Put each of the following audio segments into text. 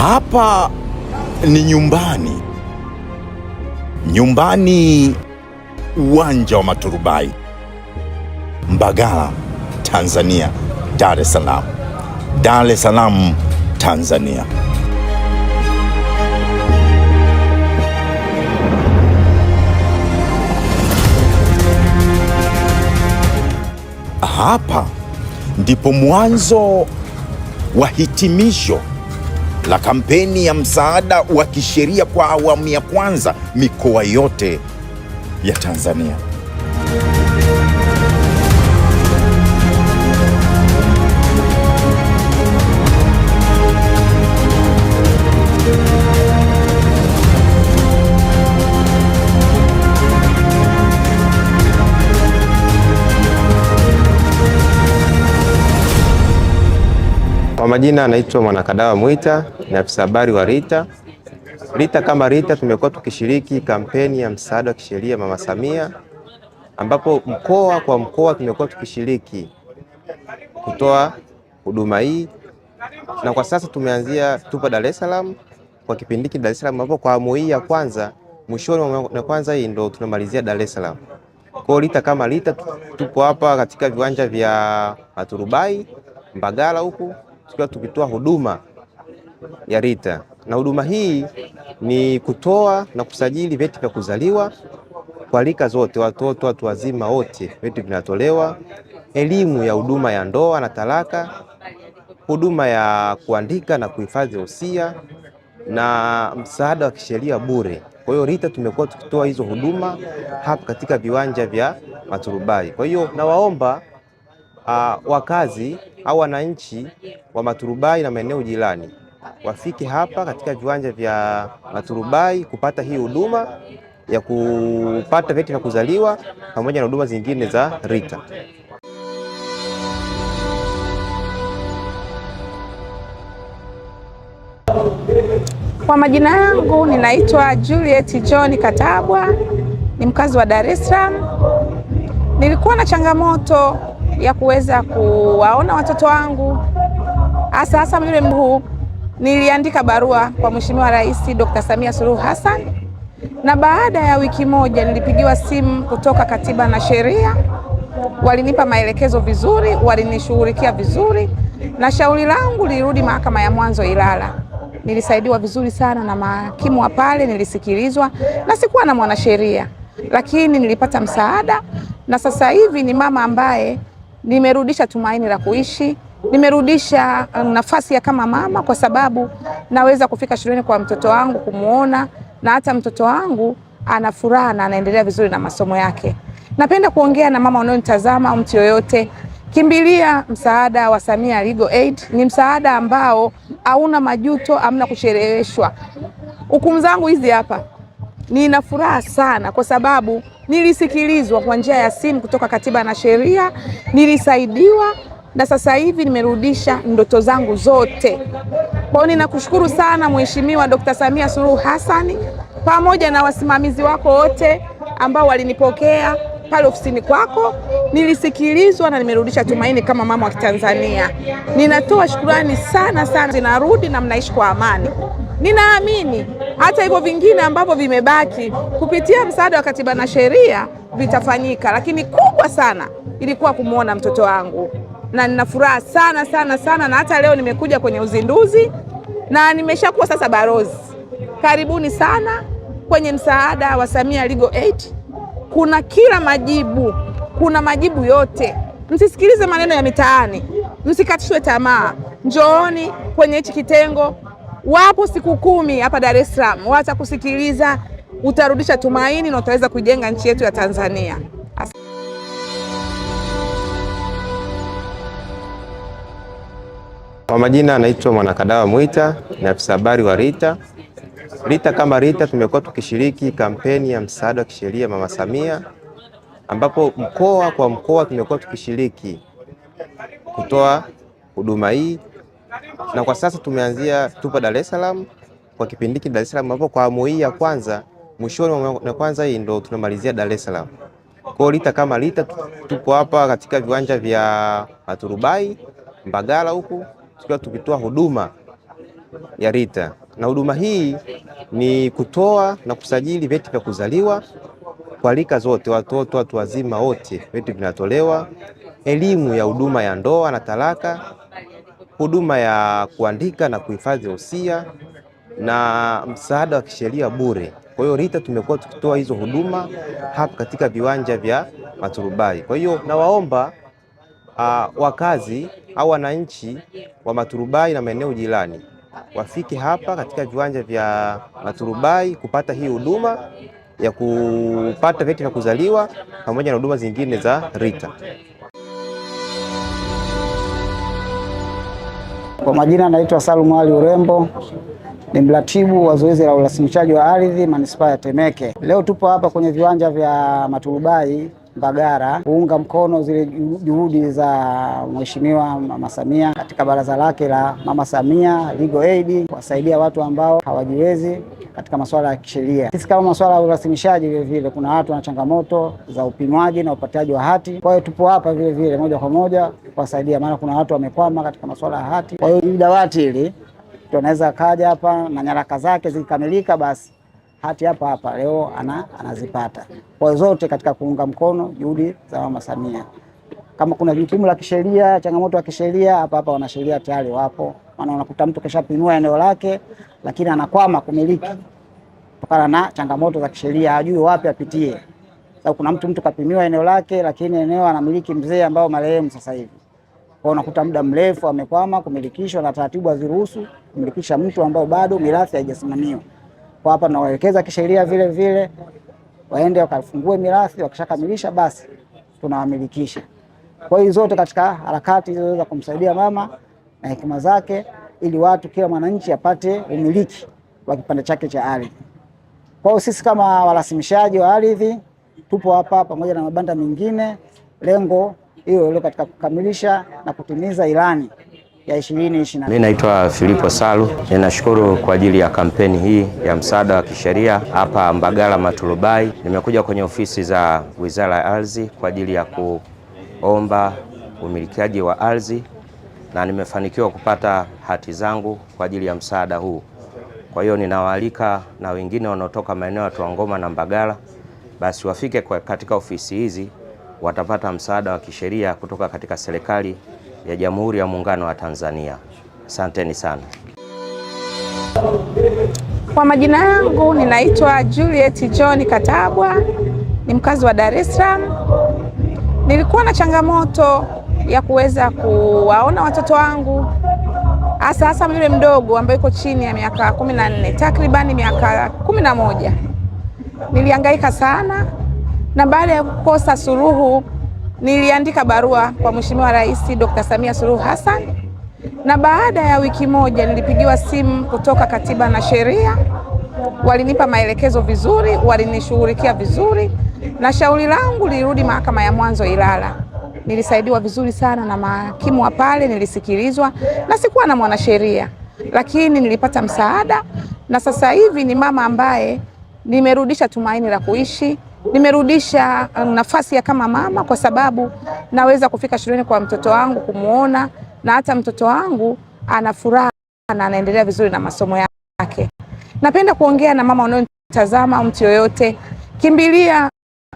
Hapa ni nyumbani, nyumbani, uwanja wa Maturubai, Mbagala, Tanzania, Dar es Salaam, Dar es Salaam, Tanzania. Hapa ndipo mwanzo wa hitimisho la kampeni ya msaada wa kisheria kwa awamu ya kwanza mikoa yote ya Tanzania. majina anaitwa Mwanakadawa Mwita, ni afisa habari wa Rita. Rita kama Rita tumekuwa tukishiriki kampeni ya msaada wa kisheria Mama Samia, ambapo mkoa kwa mkoa tumekuwa tukishiriki kutoa huduma hii, na kwa sasa tumeanzia, tupo Dar es Salaam kwa kipindi hiki Dar es Salaam, ambapo kwa awamu hii ya kwanza mwishoni wa kwanza hii ndo tunamalizia Dar es Salaam. Kwa Rita kama Rita tupo hapa katika viwanja vya Maturubai Mbagala huku tukiwa tukitoa huduma ya RITA, na huduma hii ni kutoa na kusajili vyeti vya kuzaliwa kwa rika zote, watoto, watu wazima wote, vyeti vinatolewa, elimu ya huduma ya ndoa na talaka, huduma ya kuandika na kuhifadhi wosia na msaada wa kisheria bure. Kwa hiyo RITA tumekuwa tukitoa hizo huduma hapa katika viwanja vya Maturubai. Kwa hiyo nawaomba uh, wakazi au wananchi wa Maturubai na maeneo jirani wafike hapa katika viwanja vya Maturubai kupata hii huduma ya kupata vyeti vya kuzaliwa pamoja na huduma zingine za RITA. Kwa majina yangu ninaitwa Juliet John Katabwa, ni mkazi wa Dar es Salaam. Nilikuwa na changamoto ya kuweza kuwaona watoto wangu hasa hasa yule mhuu. Niliandika barua kwa Mheshimiwa Rais Dr. Samia Suluhu Hassan, na baada ya wiki moja nilipigiwa simu kutoka Katiba na Sheria. Walinipa maelekezo vizuri, walinishughulikia vizuri, na shauri langu lilirudi mahakama ya mwanzo Ilala. Nilisaidiwa vizuri sana na mahakimu wa pale, nilisikilizwa na sikuwa na mwanasheria, lakini nilipata msaada na sasa hivi ni mama ambaye nimerudisha tumaini la kuishi, nimerudisha um, nafasi ya kama mama, kwa sababu naweza kufika shuleni kwa mtoto wangu kumwona, na hata mtoto wangu ana furaha na anaendelea vizuri na masomo yake. Napenda kuongea na mama unayonitazama au mtu yoyote, kimbilia msaada wa Samia Legal Aid. Ni msaada ambao hauna majuto, hamna kushereheshwa. Hukumu zangu hizi hapa, nina furaha sana kwa sababu Nilisikilizwa kwa njia ya simu kutoka Katiba na Sheria, nilisaidiwa na sasa hivi nimerudisha ndoto zangu zote. Kwao ninakushukuru sana Mheshimiwa Dkt. Samia Suluhu Hassan pamoja na wasimamizi wako wote ambao walinipokea pale ofisini kwako, nilisikilizwa na nimerudisha tumaini kama mama wa Kitanzania. Ninatoa shukurani sana sana, zinarudi na mnaishi kwa amani, ninaamini hata hivyo vingine ambavyo vimebaki kupitia msaada wa katiba na sheria vitafanyika, lakini kubwa sana ilikuwa kumwona mtoto wangu, na nina furaha sana sana sana, na hata leo nimekuja kwenye uzinduzi na nimeshakuwa sasa barozi. Karibuni sana kwenye msaada wa Samia Legal Aid, kuna kila majibu, kuna majibu yote. Msisikilize maneno ya mitaani, msikatishwe tamaa, njooni kwenye hichi kitengo wapo siku kumi hapa Dar es Salaam, watakusikiliza, utarudisha tumaini na utaweza kujenga nchi yetu ya Tanzania. Kwa majina anaitwa Mwanakadawa Mwita, ni afisa habari wa Rita. Rita kama Rita tumekuwa tukishiriki kampeni ya msaada wa kisheria Mama Samia, ambapo mkoa kwa mkoa tumekuwa tukishiriki kutoa huduma hii na kwa sasa tumeanzia, tupa Dar es Salaam kwa kipindi hiki Dar es Salaam, ambapo kwa awamu hii ya kwanza mwishoni na kwanza hii ndo tunamalizia Dar es Salaam. Kwa lita kama lita, tupo hapa katika viwanja vya Maturubai Mbagala huku tukiwa tukitoa huduma ya RITA, na huduma hii ni kutoa na kusajili vyeti vya kuzaliwa kwa rika zote, watoto, watu wazima wote, vyeti vinatolewa, elimu ya huduma ya ndoa na talaka huduma ya kuandika na kuhifadhi usia na msaada wa kisheria bure. Kwa hiyo RITA tumekuwa tukitoa hizo huduma hapa katika viwanja vya maturubai. Kwa hiyo nawaomba uh, wakazi au wananchi wa maturubai na maeneo jirani wafike hapa katika viwanja vya maturubai kupata hii huduma ya kupata vyeti vya kuzaliwa pamoja na huduma zingine za RITA. Kwa majina naitwa Salum Ali Urembo, ni mratibu wa zoezi la urasimishaji wa ardhi manispaa ya Temeke. Leo tupo hapa kwenye viwanja vya Maturubai Mbagara kuunga mkono zile juhudi za Mheshimiwa Mama Samia katika baraza lake la Mama Samia Legal Aid kuwasaidia watu ambao hawajiwezi katika masuala ya kisheria. Sisi kama masuala ya urasimishaji, vile vile kuna watu wana changamoto za upimwaji na upatiaji wa hati. Kwa hiyo tupo hapa vile vile moja kwa moja kuwasaidia, maana kuna watu wamekwama katika masuala ya hati. Kwa hiyo dawati hili tunaweza kaja hapa na nyaraka zake zikikamilika basi hati hapa hapa leo ana, anazipata kwa zote katika kuunga mkono juhudi za Mama Samia. Kama kuna jukumu la kisheria, changamoto ya kisheria, hapa hapa wanasheria tayari wapo, maana unakuta mtu kishapinua eneo lake, lakini anakwama kumiliki kutokana na changamoto za kisheria, hajui wapi apitie. Sasa kuna mtu mtu kapimiwa eneo lake, lakini eneo anamiliki mzee ambao marehemu sasa hivi kwa unakuta muda mrefu amekwama kumilikishwa, na taratibu haziruhusu kumilikisha mtu ambao bado mirathi haijasimamiwa. Kwa hapa tunawaelekeza kisheria vile vile waende wakafungue mirathi, wakishakamilisha basi tunawamilikisha. Kwa hiyo zote katika harakati hizo za kumsaidia mama na hekima zake, ili watu kila mwananchi apate umiliki wa kipande chake cha ardhi. Kwa hiyo sisi kama warasimishaji wa ardhi tupo hapa pamoja na mabanda mengine, lengo hiyo hilo katika kukamilisha na kutimiza ilani ya 2025. Mimi naitwa Filipo Salu, ninashukuru kwa ajili ya kampeni hii ya msaada wa kisheria hapa Mbagala Maturubai. Nimekuja kwenye ofisi za Wizara ya Ardhi kwa ajili ya kuomba umilikiaji wa ardhi na nimefanikiwa kupata hati zangu kwa ajili ya msaada huu. Kwa hiyo ninawaalika na wengine wanaotoka maeneo ya Tuangoma na Mbagala basi wafike kwa katika ofisi hizi watapata msaada wa kisheria kutoka katika serikali ya Jamhuri ya Muungano wa Tanzania. Asanteni sana. Kwa majina yangu ninaitwa Juliet John Katabwa, ni mkazi wa Dar es Salaam. Nilikuwa na changamoto ya kuweza kuwaona watoto wangu hasa hasa yule mdogo ambaye yuko chini ya miaka kumi na nne takribani miaka kumi na moja. Nilihangaika sana na baada ya kukosa suluhu Niliandika barua kwa Mheshimiwa Rais Dr. Samia Suluhu Hassan na baada ya wiki moja nilipigiwa simu kutoka Katiba na Sheria. Walinipa maelekezo vizuri, walinishughulikia vizuri na shauri langu lilirudi mahakama ya mwanzo Ilala. Nilisaidiwa vizuri sana na mahakimu wa pale, nilisikilizwa na sikuwa na mwanasheria, lakini nilipata msaada na sasa hivi ni mama ambaye nimerudisha tumaini la kuishi nimerudisha uh, nafasi ya kama mama, kwa sababu naweza kufika shuleni kwa mtoto wangu kumwona, na hata mtoto wangu ana furaha na anaendelea vizuri na masomo yake. Napenda kuongea na mama unayotazama, mtu yoyote, kimbilia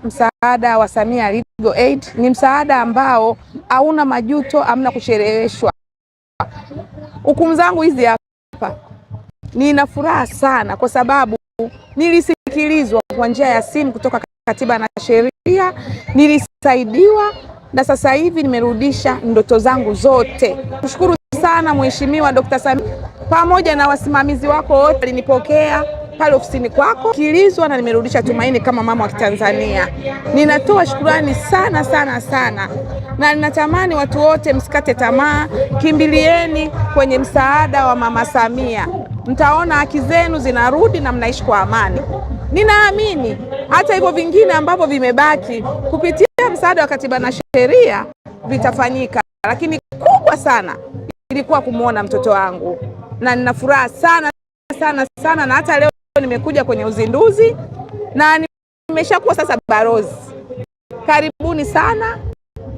msaada wa Samia Legal Aid. Ni msaada ambao hauna majuto, hamna kushereheshwa. Hukumu zangu hizi hapa, nina furaha sana kwa sababu nilisikilizwa kwa njia ya simu kutoka katiba na sheria, nilisaidiwa na sasa hivi nimerudisha ndoto zangu zote. Kushukuru sana Mheshimiwa Dkt. Samia pamoja na wasimamizi wako wote, walinipokea pale ofisini kwako kilizwa na nimerudisha tumaini kama mama wa Kitanzania. Ninatoa shukurani sana sana sana, na ninatamani watu wote msikate tamaa, kimbilieni kwenye msaada wa mama Samia mtaona haki zenu zinarudi na mnaishi kwa amani. Ninaamini hata hivyo vingine ambavyo vimebaki kupitia msaada wa katiba na sheria vitafanyika, lakini kubwa sana ilikuwa kumwona mtoto wangu, na nina furaha sana sana sana, na hata leo nimekuja kwenye uzinduzi na nimeshakuwa sasa barozi. Karibuni sana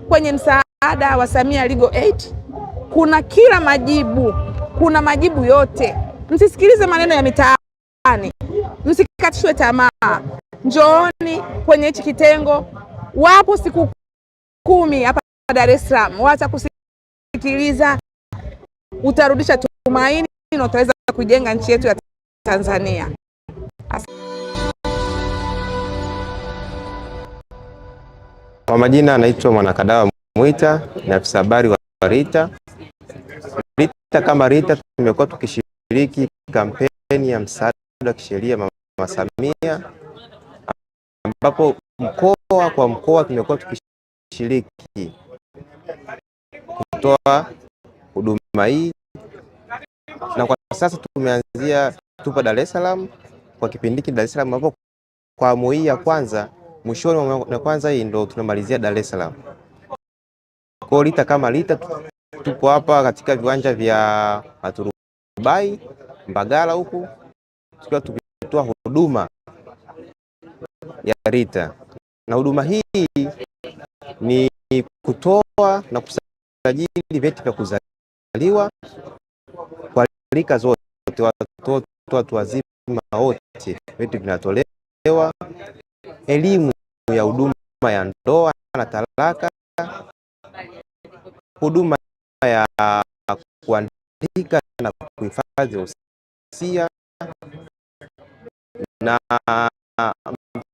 kwenye msaada wa Samia Legal Aid. Kuna kila majibu, kuna majibu yote. Msisikilize maneno ya mitaani, msikatishwe tamaa. Njooni kwenye hichi kitengo, wapo siku kumi hapa Dar es Salaam, watakusikiliza, utarudisha tumaini na utaweza kujenga nchi yetu ya Tanzania. Kwa majina anaitwa Mwanakadawa Mwita, ni afisa habari wa RITA. RITA kama RITA tumekuwa tukishi kushiriki kampeni ya msaada wa kisheria Mama Samia ambapo mkoa kwa mkoa tumekuwa tukishiriki kutoa huduma hii, na kwa sasa tumeanzia, tupa Dar es Salaam kwa kipindi hiki Dar es Salaam, ambapo kwa awamu hii ya kwanza, mwishoni wa kwanza hii ndo tunamalizia Dar es Salaam. Kwa lita kama lita, tupo hapa katika viwanja vya Maturu Bai Mbagala huku tukiwa tukitoa huduma ya RITA, na huduma hii ni kutoa na kusajili vyeti vya kuzaliwa kwa rika zote, watoto, watu wazima wote, vyeti vinatolewa. Elimu ya huduma ya ndoa na talaka, huduma ya kupika na kuhifadhi usia na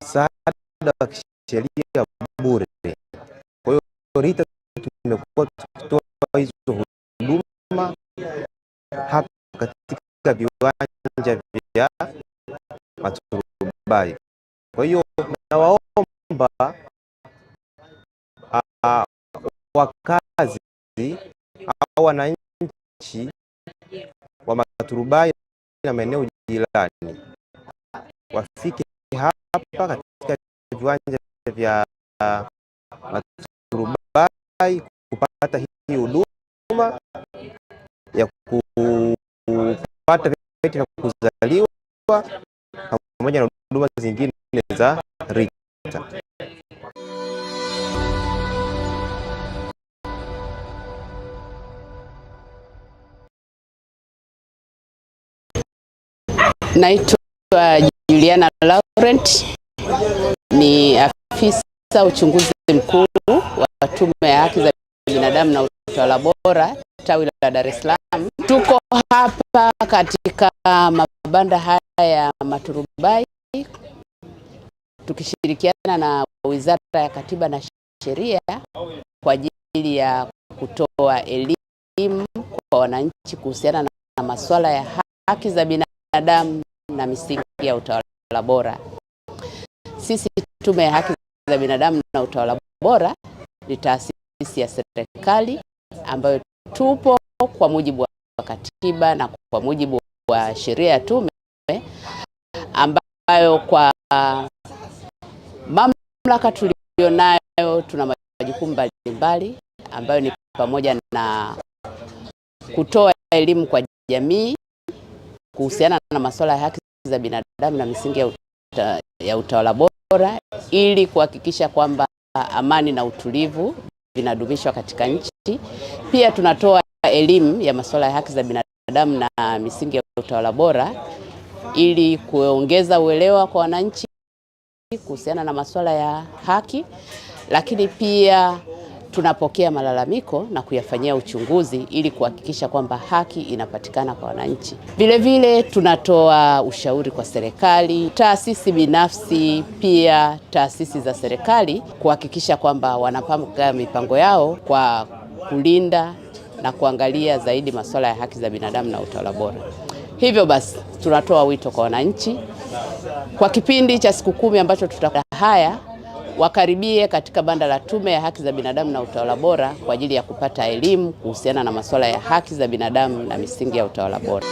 msaada wa kisheria bure. Kwa hiyo RITA tumekuwa tukitoa hizo huduma hapa katika viwanja vya maturubai. Kwa hiyo nawaomba ah, wakazi au wananchi wa maturubai na maeneo jirani wafike hapa katika viwanja vya maturubai kupata hii huduma ya kupata vyeti vya kuzaliwa pamoja na huduma zingine za RITA. Naitwa Juliana Laurent, ni afisa uchunguzi mkuu wa Tume ya Haki za Binadamu na Utawala Bora tawi la Dar es Salaam. Tuko hapa katika mabanda haya ya maturubai tukishirikiana na Wizara ya Katiba na Sheria kwa ajili ya kutoa elimu kwa wananchi kuhusiana na masuala ya haki za binadamu binadamu na misingi ya utawala bora. Sisi Tume ya Haki za Binadamu na Utawala Bora ni taasisi ya serikali ambayo tupo kwa mujibu wa katiba na kwa mujibu wa sheria ya tume, ambayo kwa mamlaka tulionayo tuna majukumu mbalimbali ambayo ni pamoja na kutoa elimu kwa jamii kuhusiana na masuala ya haki za binadamu na misingi ya, uta, ya utawala bora ili kuhakikisha kwamba amani na utulivu vinadumishwa katika nchi. Pia tunatoa elimu ya masuala ya haki za binadamu na misingi ya utawala bora ili kuongeza uelewa kwa wananchi kuhusiana na masuala ya haki, lakini pia tunapokea malalamiko na kuyafanyia uchunguzi ili kuhakikisha kwamba haki inapatikana kwa wananchi. Vilevile tunatoa ushauri kwa serikali, taasisi binafsi, pia taasisi za serikali kuhakikisha kwamba wanapanga mipango yao kwa kulinda na kuangalia zaidi masuala ya haki za binadamu na utawala bora. Hivyo basi tunatoa wito kwa wananchi kwa kipindi cha siku kumi ambacho tutakaya haya wakaribie katika banda la Tume ya Haki za Binadamu na Utawala Bora kwa ajili ya kupata elimu kuhusiana na masuala ya haki za binadamu na misingi ya utawala bora.